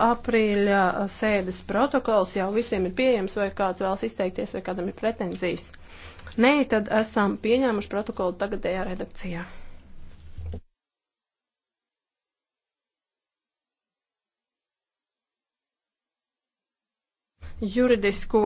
aprīļa sēdes protokols jau visiem ir pieejams, vai kāds vēlas izteikties, vai kādam ir pretenzijas. Nē, tad esam pieņēmuši protokolu tagadējā redakcijā. Juridisko